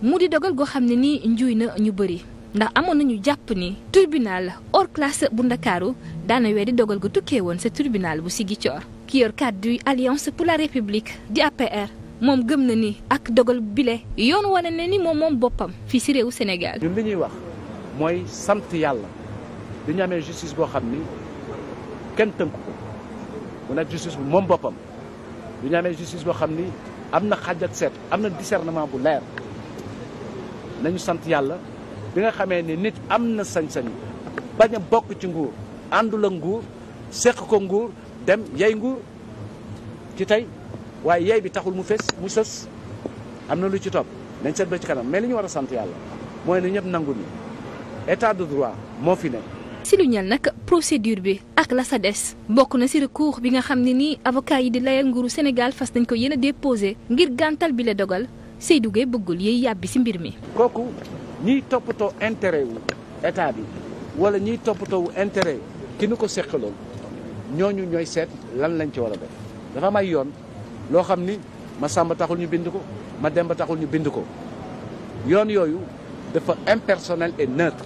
mu di dogal goo xam ne nii njuuy na ñu bari ndax amoon nañu jàpp ni tribunal hors classe bu ndakaaru daana di dogal gu tukkee woon sa tribunal bu Ziguinchor ki yor kàddu yi alliance pour la république di APR moom gëm na ni ak dogal bile yoon wane na ni moom moom boppam fii si réewu Sénégal. ñun li ñuy wax mooy sant yàlla dañu amee justice boo xam ni kenn tënk ko mu nekk justice bu moom boppam dañu amee justice boo xam ni am na xàjjat seet am na discernement bu leer. nañu sant yàlla bi nga xamee ni nit am na sañ-sañ bañ a bokk ci nguur àndul ak nguur seq ko nguur dem yey nguur ci tey waaye yey bi taxul mu fés mu sës am na lu ci topp nañ seet ba ci kanam mais li ñu war a sant yàlla mooy na ñëpp nangu ni état de droit moo fi nekk. si lu ñel nag procédure bi ak la sa des bokk na si recours bi nga xam ne nii avocat yi di layal nguuru Sénégal fas nañ ko yéen a déposé ngir gàntal bi la dogal Seydou Gueye bëggul yi yàbbi ci mbir mi. kooku ñiy toppatoo intérêt wu état bi wala ñiy toppatoo wu intérêt ki nu ko seqaloo ñooñu ñooy seet lan lañ ci war a def dafa may yoon loo xam ni ma sàmba taxul ñu bind ko ma demba taxul ñu bind ko yoon yooyu dafa impersonnel et neutre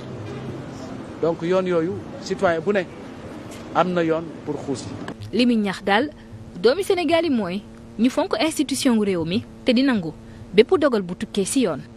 donc yoon yooyu citoyen bu ne am na yoon pour xuusi li mu ñax daal doomi Sénégal yi mooy ñu fonk institution réew mi te di nangu bépp dogal bu tukkee ci yoon